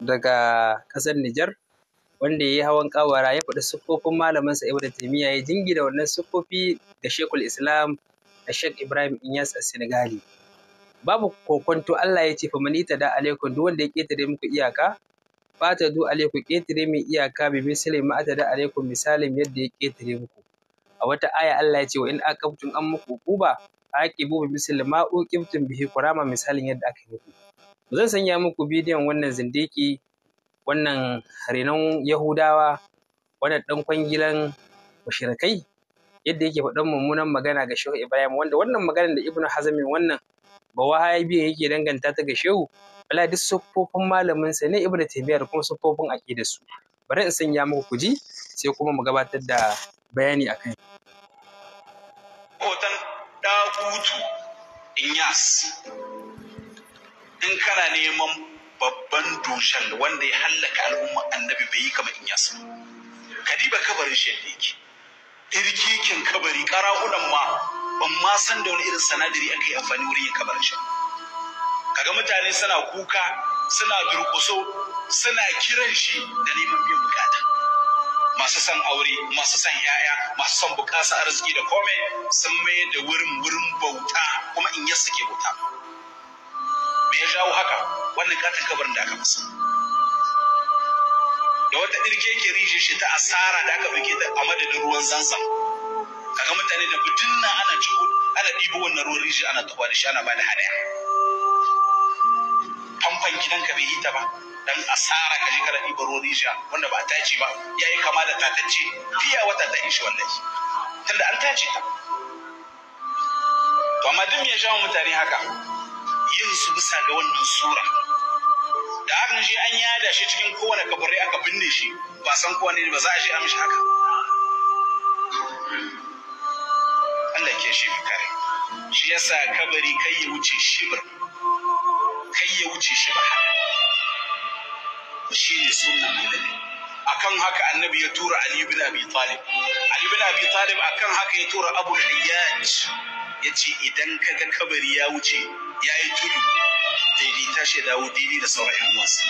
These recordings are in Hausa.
daga ƙasar Nijar wanda ya yi hawan kawara ya faɗi siffofin malaminsa Ibn Taymiyya ya jingina wannan siffofi da Shekul Islam da Sheikh Ibrahim Inyas a Senegali. Babu kokonto Allah ya ce fa ta da alaikum duk wanda ya ketare muku iyaka fata du alaikum ketare min iyaka bi misali ma ta da alaikum misalin yadda ya ketare muku. A wata aya Allah ya ce wa in mutum an muku uquba aqibu bi misali ma uqibtum bihi kurama misalin yadda aka yi muku. zan sanya muku bidiyon wannan zindiki wannan renon yahudawa wannan ɗan kwangilan mushrikai yadda yake faɗan mummunan magana ga shehu ibrahim wanda wannan maganar da ibnu hazmin wannan ba wahabiyan yake danganta ta ga shehu wala duk siffofin malamin sa ne ibnu taymiya da kuma siffofin aqidar su bari in sanya muku kuji sai kuma mu gabatar da bayani akan hoton dagutu inyas in kana neman babban dushen wanda ya hallaka al'umma annabi bai yi kamar in yasu kadiba kabarin shi yake irkikin kabari karahunan ma ban ma san da wani irin sanadari aka yi amfani wurin yin kabarin shi kaga mutane suna kuka suna durkuso suna kiran shi da neman biyan bukata masu son aure masu son yaya masu son bukasa arziki da komai sun mayar da wurin wurin bauta kuma in yasa ke bauta me ya jawo haka wannan katin kabarin da aka masa da wata irke ke rije shi ta asara da aka ɗauke ta a madadin ruwan zanzan kaga mutane da budinna ana ciko ana ɗibo wannan ruwan rije ana taɓa da shi ana bada hadaya famfan gidanka bai yi ta ba dan asara ka je kana ɗiba ruwan rije wanda ba a tace ba ya yi kama da tatacce fiya wata ta shi wallahi tunda an tace ta to amma duk me ya shawo mutane haka yin su bisa ga wannan sura da haka shi an yada shi cikin kowane kabarai aka binne shi ba san ne ba za a je amshi haka Allah ke shi kare shi yasa kabari kai ya wuce shibir kai ya wuce shibir shi ne sunnan annabi akan haka annabi ya tura Ali bin Abi Talib Ali bin Abi Talib akan haka ya tura Abu Hayyaj yace idan kaga kabari ya wuce ya yi tudu daidai ta shi dawo daidai da sauran yan uwansa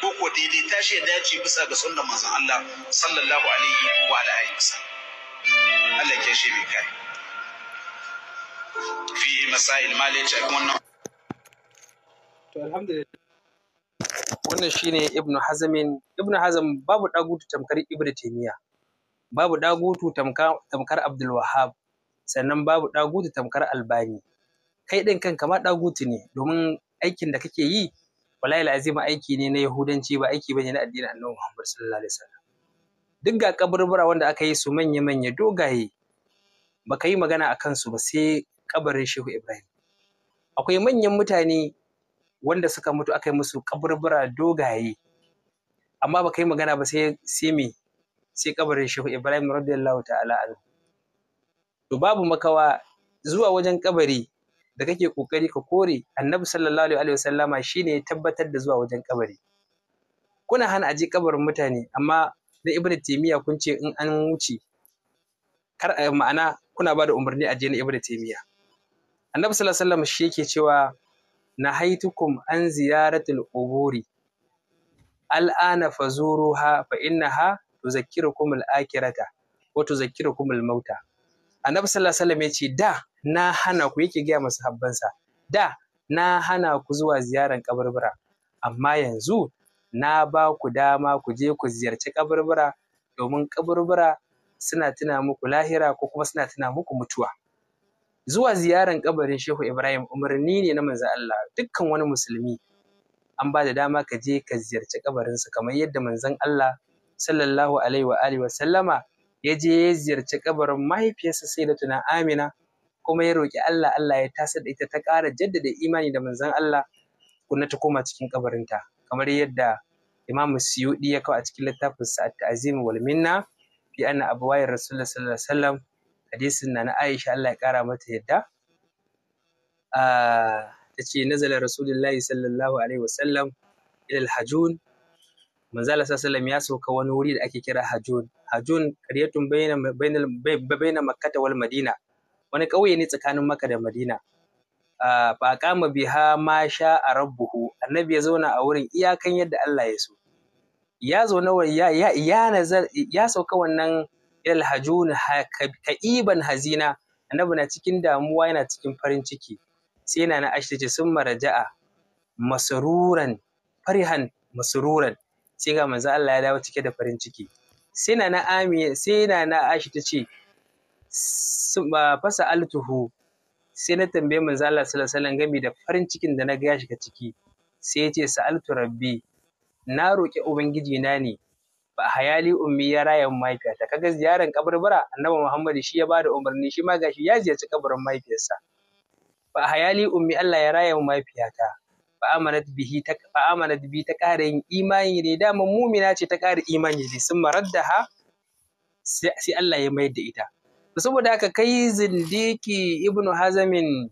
ko ko ta shi ya dace bisa ga sunnan manzon Allah sallallahu alaihi wa alihi wasallam Allah ya shi mai kai fi masail malai ce wannan to alhamdulillah wannan shine ibn hazamin ibn hazam babu dagutu tamkar ibnu taymiya babu dagutu tamkar abdul wahhab sannan babu dagutu tamkar albani kai ɗin kanka ma ɗagutu ne domin aikin da kake yi wallahi lazima aiki ne na yahudanci ba aiki bane na addinin annabi Muhammad sallallahu alaihi wasallam duk ga kaburbura wanda aka yi su manya manya dogaye baka yi magana a kansu ba sai kabarin Shehu Ibrahim akwai manyan mutane wanda suka mutu aka yi musu kaburbura dogaye amma baka yi magana ba sai sai me sai kabarin Shehu Ibrahim radiyallahu ta'ala anhu to babu makawa zuwa wajen kabari da kake kokari ka kore annabi sallallahu alaihi wasallama shine ya tabbatar da zuwa wajen kabari kuna hana aje kabarin mutane amma na ibnu taymiya kun ce in an wuce kar a ma'ana kuna ba da umarni aje na ibnu taymiya annabi sallallahu alaihi wasallama shi yake cewa nahaitukum an ziyaratul quburi al'ana fazuruha fa innaha tuzakkirukum al-akhirata wa tuzakkirukum al-mauta annabi sallallahu alaihi wasallam ya ce da na hana ku yake gaya masu habbansa da na hana ku zuwa ziyaran kaburbura amma yanzu na ba ku dama ku je ku ziyarci kaburbura domin kaburbura suna tuna muku lahira ko kuma suna tuna muku mutuwa zuwa ziyaran kabarin Shehu Ibrahim umarni ne na manzo Allah dukkan wani musulmi an ba da dama ka je ka ziyarci kabarinsa kamar yadda manzon Allah sallallahu alaihi wa alihi wa sallama ya je ya ziyarci kabarin mahaifiyarsa Sayyidatuna Amina kuma ya roƙi Allah Allah ya tasar da ita ta ƙara jaddada imani da manzon Allah kunna ta koma cikin kabarinta kamar yadda Imam Suyudi ya kawo a cikin littafin sa tazim wal Minna fi anna abwai Rasulullah sallallahu alaihi wasallam hadisin na Aisha Allah ya ƙara mata yadda ah, ta ce nazala Rasulullahi sallallahu alaihi wasallam ila al-hajun manzala sallallahu ya sauka wani wuri da ake kira hajun hajun qaryatun bayna bayna makkah wal madina wani ƙauye ne tsakanin maka da Madina. Ba ah, kama biha ma sha a rabbuhu annabi ya zauna a wurin iyakan yadda Allah ya so. Ya zauna ya ya nazar ya sauka wannan ilal hajun ka'iban hazina annabi na cikin damuwa yana cikin farin ciki sai yana na ashi ce sun maraja'a masaruran farihan masaruran sai ga manzo Allah ya dawo cike da farin ciki sai na na sai na na ashi fasa altuhu sai na tambaye manzo Allah sallallahu alaihi gami da farin cikin da na ga ya shiga ciki sai ya ce sa'altu rabbi na roƙi ubangiji na ne ba hayali ummi ya raya mahaifiyata kaga ziyaran kabarbara annabi Muhammad shi ya bada umarni shi ma gashi ya ziyarci kabarin mahaifiyarsa ba hayali ummi Allah ya raya mahaifiyata Ba amanat bihi ta ba amanat bi ta ƙara yin imani ne dama mumina ce ta ƙara imani ne sun maradda ha sai Allah ya mayar da ita saboda haka kai zindiki ibn hazamin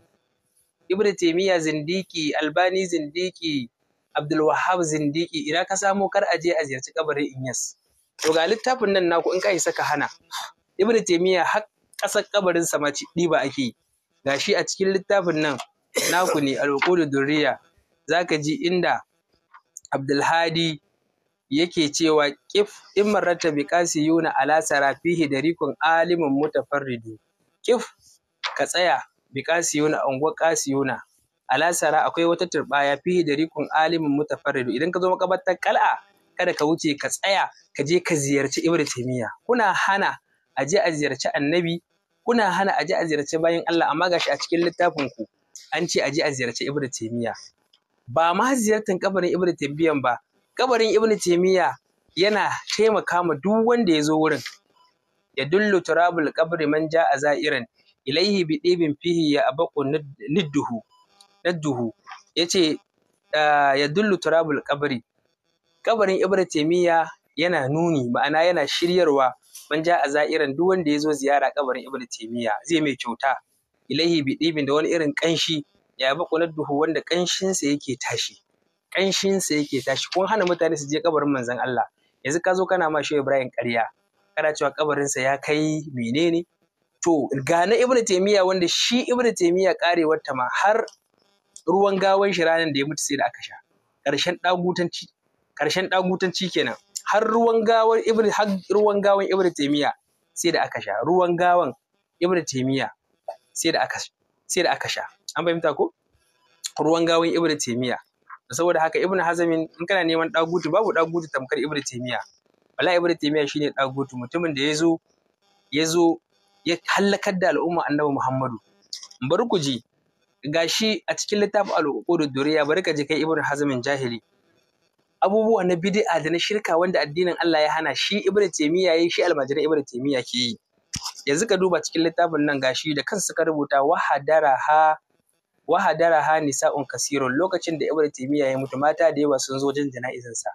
ibn taimiyya zindiki albani zindiki abdulwahab zindiki idan ka samo kar a je a ziyarci kabarin inyas to ga littafin nan naku in ka isa ka hana ibn taimiyya har ƙasar kabarin sa ma ɗiba ake gashi a cikin littafin nan naku ne alƙudu duriya zaka ji inda abdulhadi yake cewa ƙif in marrata bi yuna ala sarafihi da rikun alimun mutafarridu Kif ka tsaya bi qasiyuna kasi yuna ala sara akwai wata turbaya fihi da rikun alimun mutafarridu idan ka zo makabartar kal'a kada ka wuce ka tsaya ka je ka ziyarci ibnu taymiya kuna hana a je a ziyarci annabi kuna hana a je a ziyarci bayan Allah amma gashi a cikin littafin ku an ce a je a ziyarci ibnu taymiya ba ma ziyartar kabarin ibnu taymiyan ba kabarin ibn taimiyya yana taimaka ma duk wanda ya zo wurin ya dullu turabul qabri man ja'a za'iran ilaihi bi dibin fihi ya abaqu nidduhu nadduhu yace ah, ya dullu turabul qabri kabarin ibn taimiyya yana nuni ma'ana yana shiryarwa man ja'a za'iran duk wanda ya zo ziyara kabarin ibn taimiyya zai mai kyauta ilaihi bi dibin da wani irin ƙanshi ya abaqu nadduhu wanda ƙanshinsa yake tashi ƙanshin sa yake tashi kun hana mutane su je kabarin manzon Allah yanzu ka zo kana ma shi Ibrahim ƙarya kana cewa kabarin sa ya kai menene to ga na Ibn Taymiyyah wanda shi Ibn Taymiyyah karewar ta ma har ruwan gawan shi ranar da ya mutu sai da aka sha ƙarshen dagutanci ƙarshen dagutanci kenan har ruwan gawan Ibn har ruwan gawan Ibn Taymiyyah sai da aka sha ruwan gawan Ibn Taymiyyah sai da aka sai da aka sha an fahimta ko ruwan gawan ibn taimiya saboda haka ibnu hazamin in kana neman dagutu babu dagutu tamkar ibnu taymiya wala ibnu taymiya shine dagutu mutumin da yazo yazo ya halakar da al'umma annabi muhammadu bari ku ji gashi a cikin littafin da duriya bari ka ji kai ibnu hazamin jahili abubuwa na bid'a da na shirka wanda addinin Allah ya hana shi ibnu taymiya yayi shi almajirin ibnu taymiya ke yi yanzu ka duba cikin littafin nan gashi da kansu ka rubuta wahadara ha. wa hadara ha nisa'un kasirun lokacin da ibnu taymiya ya mutu mata da yawa sun zo wajen sa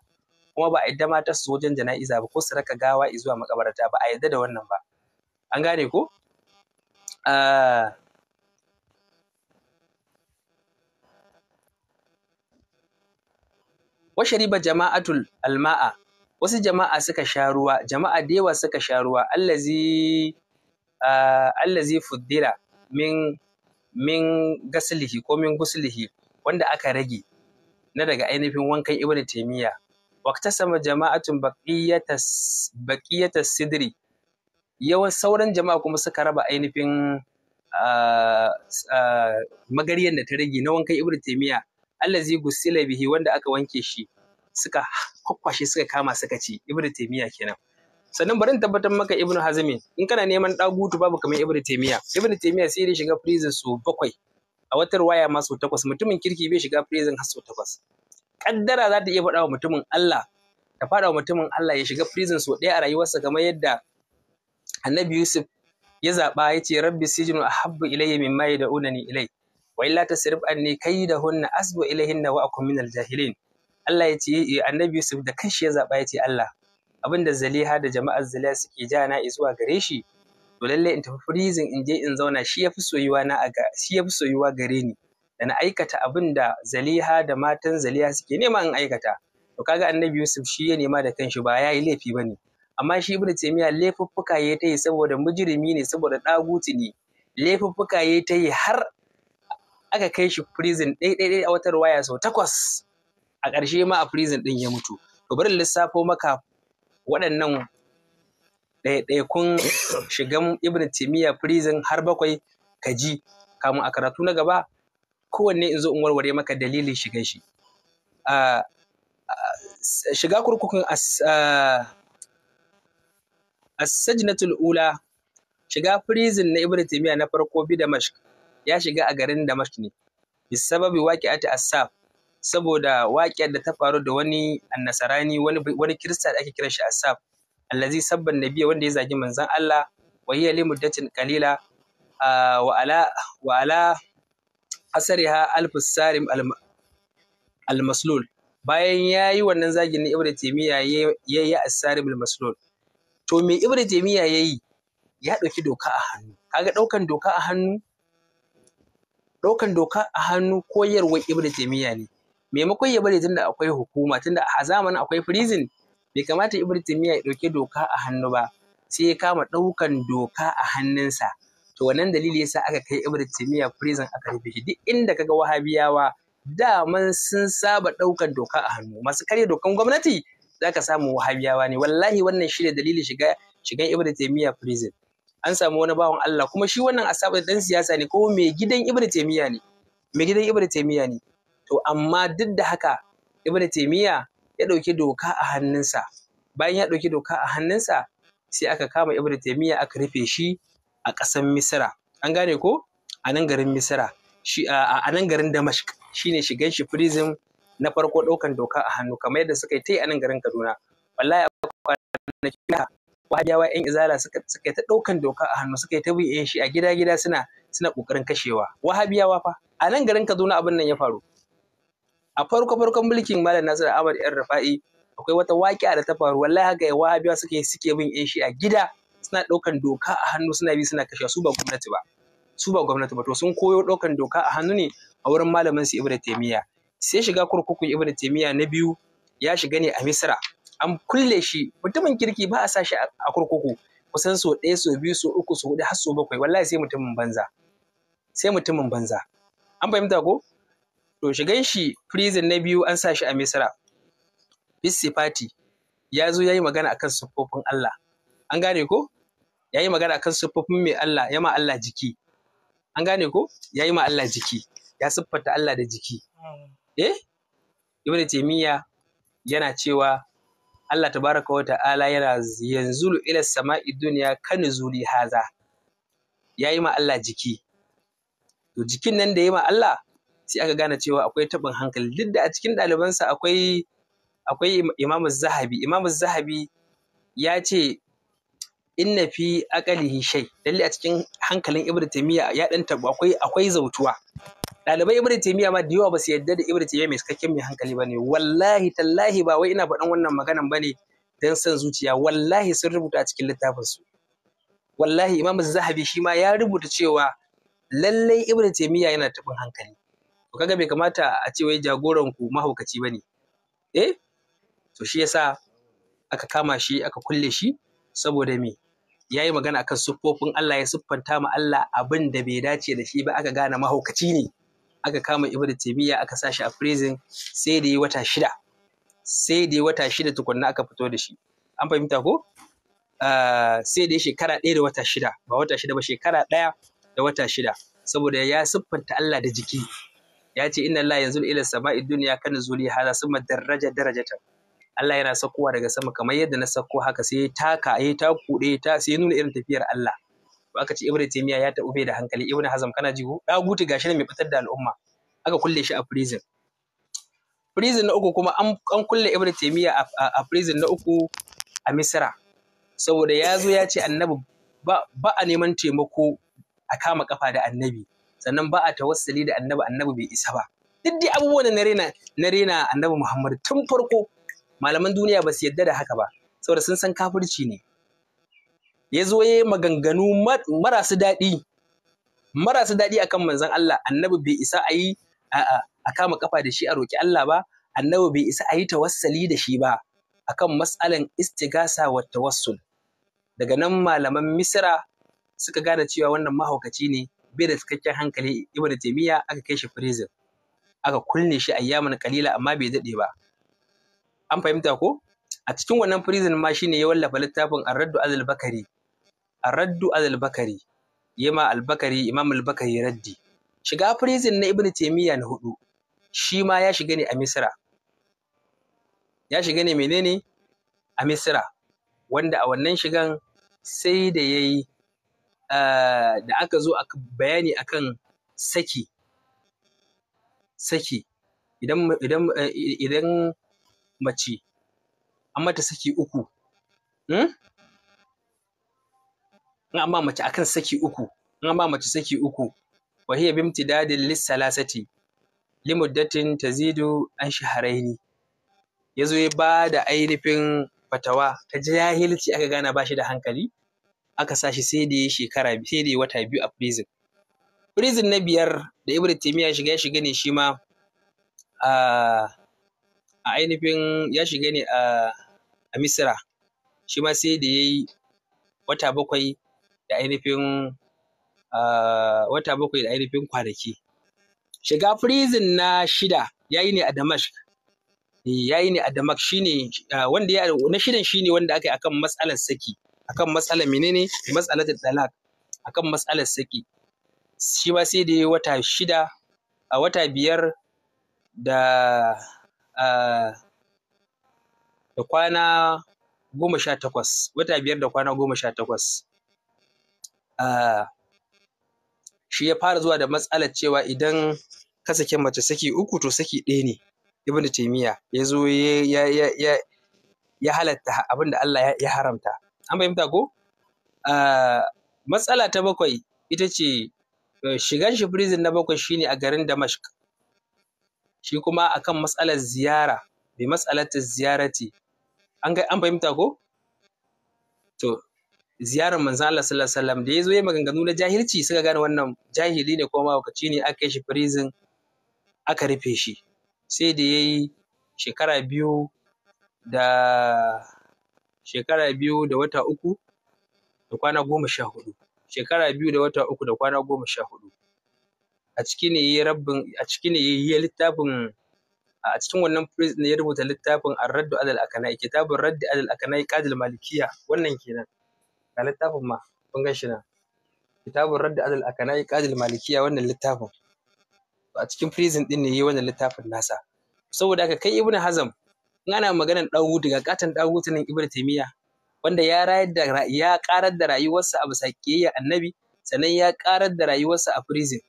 kuma ba a yadda mata su zo wajen jana'iza ba ko su raka gawa zuwa makabarta ba a yadda da wannan ba an gane ko ah, washariba jama'atul alma'a wasu jama'a suka sha ruwa jama'a da yawa suka sha ruwa allazi ah, fuddira min min gaslihi ko min guslihi wanda aka rage na daga ainihin wankan ibn wakta sama jama'atun baqiyatas sidri yawan sauran jama'a kuma suka raba ainihin magariyar da ta rage na wankan ibn Allah allazi gusila bihi wanda aka wanke shi suka kwakwashe suka kama suka ci ibn kenan sannan bari in tabbatar maka ibnu hazmin in kana neman dagutu babu kamar ibnu taymiya ibnu taimiya sai da shiga prison su bakwai a wata waya ma sau takwas mutumin kirki bai shiga prison har sau takwas kaddara za ta iya faɗawa wa mutumin Allah ta faɗa mutumin Allah ya shiga prison su ɗaya a rayuwarsa kamar yadda annabi Yusuf ya zaɓa ya ce rabbi sijinu ahabbu ilayya mimma unani ilai wa illa kai anni kaydahunna asbu ilayhinna wa akum minal jahilin Allah ya ce annabi Yusuf da kanshi ya zaɓa ya ce Allah abin da zaliha da jama'ar zaliha suke ja na zuwa gare shi to lallai in tafi freezing in je in zauna shi yafi soyuwa na a shi yafi soyuwa gare ni da na aikata abin da zaliha da matan zaliha suke nema in aikata to kaga annabi yusuf shi ya nema da kanshi ba yayi laifi bane amma shi ibnu taymiya laifuffuka yayi ta yi saboda mujrimi ne saboda daguti ne laifuffuka yayi ta yi har aka kai shi prison ɗai a wata waya sau takwas a ƙarshe ma a prison ɗin ya mutu to bari lissafo maka waɗannan ɗaiɗaikun shigan ibn timiya prison har bakwai ka ji kamun a karatu na gaba kowanne in zo in warware maka dalilin shigan shi shiga kurkukun as-sajnatul ula shiga prison na ibn timiya na farko bi damashq ya shiga a garin damashq ne bisababi waƙi'ati as-saf saboda waƙiyar da ta faru da wani annasarani wani wani kirista da ake kiran shi asaf allazi sabban nabiyya wanda ya zagi manzon Allah wa hiya li muddatin qalila wa ala wa ala asariha al sarim maslul bayan ya yi wannan zagin na taymiya yayi ya yi al maslul to me ibra taymiya ya yi ya ɗauki doka a hannu kaga ɗaukan doka a hannu daukan doka a hannu koyarwar ibra taymiya ne maimakon ya bari tunda akwai hukuma tunda a zamanin akwai prison bai kamata ibrahim taymiya ya ɗauki doka a hannu ba sai ya kama ɗaukan doka a hannunsa to wannan dalili yasa aka kai ibn taymiya prison aka rufe shi duk inda kaga wahabiyawa daman sun saba ɗaukan doka a hannu masu karya dokan gwamnati zaka samu wahabiyawa ne wallahi wannan shi ne dalilin shiga shigan ibn taymiya prison an samu wani bawan Allah kuma shi wannan asabar dan siyasa ne ko mai gidan ibrahim ne mai gidan ibrahim ne to amma duk da haka Ibn taymiya ya ɗauki doka a hannunsa bayan ya ɗauki doka a hannunsa sai aka kama Ibn taymiya aka rufe shi a ƙasar misira an gane ko a nan garin misira shi a nan garin damashq shine shigan shi prison na farko ɗaukan doka a hannu kamar yadda suka yi ta yi a nan garin kaduna wallahi kwanakin wahabiyawa yan izala suka yi ta ɗaukan doka a hannu suka yi ta bi shi a gida gida suna suna ƙoƙarin kashewa wahabiyawa fa a nan garin kaduna abin nan ya faru a farko farkon mulkin malam nasir ahmad yan rafa'i akwai wata waƙiya da ta faru wallahi haka ya wahabiya suke suke bin yan shi a gida suna ɗaukan doka a hannu suna bi suna kashe su ba gwamnati ba su ba gwamnati ba to sun koyo ɗaukan doka a hannu ne a wurin malamin su ibnu taymiya sai shiga kurkukun ibnu taymiya na biyu ya shiga ne a misra an kulle shi mutumin kirki ba a sa shi a kurkuku kusan so ɗaya so biyu so uku so huɗu har so bakwai wallahi sai mutumin banza sai mutumin banza an fahimta ko to shigan shi prison na biyu an sa shi a misra bisifati ya zo ya yi magana akan siffofin Allah an gane ko ya yi magana akan siffofin mai Allah ya ma Allah jiki an gane ko ya yi ma Allah jiki ya siffata Allah da jiki eh ibnu taymiya yana cewa Allah tabaraka wa ta'ala yana yanzulu ila sama'i duniya kan zuli haza ya yi ma Allah jiki to jikin nan da ya ma Allah sai aka gane cewa akwai taɓin hankali duk da a cikin ɗalibansa akwai akwai imamu zahabi imamu zahabi ya ce inna fi aqalihi shay lalle a cikin hankalin ibnu taymiya ya dan tabu akwai akwai zautuwa ɗalibai ibnu taymiya ma da yawa ba su yarda da ibnu taymiya mai sakakken mai hankali bane wallahi tallahi ba wai ina faɗan wannan maganan bane dan san zuciya wallahi sun rubuta a cikin littafin su wallahi imam zahabi shi ma ya rubuta cewa lallai ibnu taymiya yana tabin hankali to kaga bai kamata a ce wai jagoran ku mahaukaci bane eh to shi yasa aka kama shi aka kulle shi saboda me ya yi magana akan siffofin Allah ya siffanta ma Allah abin da bai dace da shi ba aka gane mahaukaci ne aka kama ibnu taymiya aka sa shi a prison sai da wata shida sai da wata shida tukunna aka fito da shi an fahimta ko ah, sai da shekara ɗaya da wata shida ba wata shida ba shekara ɗaya da wata shida saboda ya siffanta Allah da jiki ya ce inna Allah yanzu ila sama'i dunya kana zuli hada summa daraja darajatan Allah yana sakowa daga sama kamar yadda na sako haka sai ya taka ya ta kuɗe ta sai nuna irin tafiyar Allah aka ce Ibrahim Taymiyyah ya ta ube da hankali ibnu hazam kana jihu da guti gashi ne mai fitar da al'umma aka kulle shi a prison prison na uku kuma an kulle Ibn Taymiyyah a prison na uku a Misra saboda ya zo ya ce annabi ba a neman taimako a kama kafa da annabi sannan ba a tawassuli da annabi annabi bai isa ba duk dai abubuwan na rena na rena annabi Muhammad tun farko malaman duniya ba su yadda da haka ba saboda sun san kafirci ne ya zo ya yi maganganu marasu daɗi marasu daɗi akan manzon Allah annabi bai isa a yi a kama kafa da shi a roki Allah ba annabi bai isa a yi tawassali da shi ba akan matsalan istigasa wa tawassul daga nan malaman Misira suka gane cewa wannan mahaukaci ne bai da cikakken hankali ibn taymiya aka kai shi prison aka kulle shi ayyaman kalila amma bai daɗe ba an fahimta ko a cikin wannan prison ma shine ya wallafa littafin arraddu azal bakari arraddu azal bakari yema albakari imam Al-Bakari raddi shiga prison na ibn taymiya na hudu shi ma ya shiga ne a misra ya shiga ne menene a misra wanda a wannan shigan sai da yayi Eh, da aka zo a bayani akan saki saki idan idan eh, idan mace an mata saki uku hmm? in an ba mace akan saki uku in an ba mace saki uku wa hiya bimtidadin lissalasati limuddatin tazidu an shaharaini ya zo ya ba da ainihin fatawa ta jahilci aka gana ba shi da hankali aka sa shi sai da ya shekara sai da ya wata biyu a prison prison na biyar da ibn taymiya shiga ya shiga ne shi ma a ainihin ya shiga ne a misira shi ma sai da ya yi wata bakwai da ainihin wata bakwai da ainihin kwanaki shiga prison na shida ya yi ne a damashq eh, ya yi ne a shi ne wanda ya na shidan shi ne wanda aka yi akan matsalar saki akan matsalar menene matsalar talak akan matsalar saki shi ma sai da wata shida a wata biyar da da kwana goma sha takwas wata biyar da kwana goma sha takwas shi ya fara zuwa da matsalar cewa idan ka sake mace saki uku to saki ɗaya ne ibnu taimiya ya zo ya halatta abin da Allah ya haramta an fahimta ko matsala ta bakwai ita ce e, shigan shi prison na bakwai shine a garin Damask. shi kuma akan matsalar ziyara ta matsalata ziyarati an ga an fahimta ko to ziyarar manzan Allah sallallahu alaihi wasallam da zo ya maganganu na jahilci suka gane wannan jahili ne kuma mawakaci ne aka shi prison aka rufe shi sai da ya yi shekara biyu da shekara biyu da wata uku da kwana goma sha hudu shekara biyu da wata uku da kwana goma sha huɗu a ciki ne yayi rabbin a ciki ne yayi littafin a cikin wannan phrase ne ya rubuta littafin ar-raddu alal akanai kitabun raddi alal akanai qadil malikiya wannan kenan ga littafin ma kun gan shi nan kitabun raddi alal akanai qadil malikiya wannan littafin a cikin prison din ne yayi wannan littafin nasa saboda haka kai ibnu hazm in ana maganar ɗagutu ga katon ɗagutu nan ibnu taymiya wanda ya rayar da ya karar da rayuwarsa a bisa kiyayya annabi sannan ya karar da rayuwarsa a prison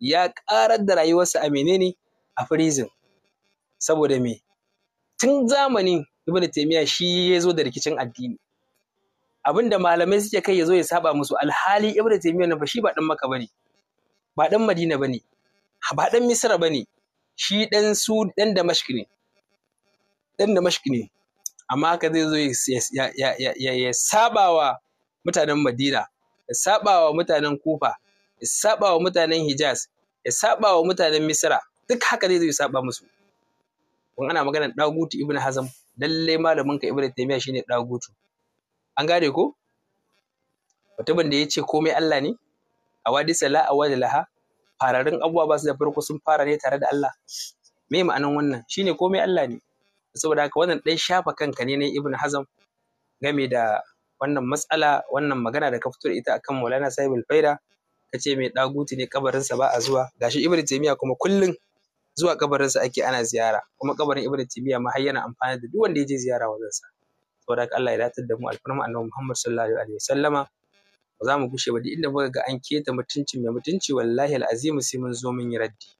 ya karar da rayuwarsa a menene a prison saboda me tun zamanin ibnu shi ya zo da rikicin addini abin da malamai suke kai ya zo ya saba musu alhali ibnu taymiya na shi ba dan maka bane ba dan madina bane ba dan misra bane shi dan su dan damashq ne ɗan Damashq ne amma haka zai zo ya saba wa mutanen Madina ya saba wa mutanen Kufa ya saba wa mutanen Hijaz ya saba wa mutanen Misra duk haka zai zo ya saba musu kun ana maganar dagutu ibn hazam lallai malamin ka ibn taymiya shine dagutu an gane ko mutumin da ya ce komai Allah ne a wadi sala a laha fararin abubuwa ba su da farko sun fara ne tare da Allah me ma'anan wannan shine komai Allah ne saboda haka wannan ɗan shafa kanka ne na ibn hazm game da wannan matsala wannan magana da ka fito da ita akan maulana al faida ka ce mai ɗaguti ne kabarinsa ba a zuwa gashi ibn taymiya kuma kullum zuwa kabarinsa ake ana ziyara kuma kabarin ibn taymiya ma har yana amfani da duk wanda ya je ziyara sa saboda haka Allah ya datar da mu alfarma annabi Muhammad sallallahu alaihi wasallama za mu gushe ba duk inda muka ga an keta mutuncin mai mutunci wallahi al'azimu sai mun zo mun yi raddi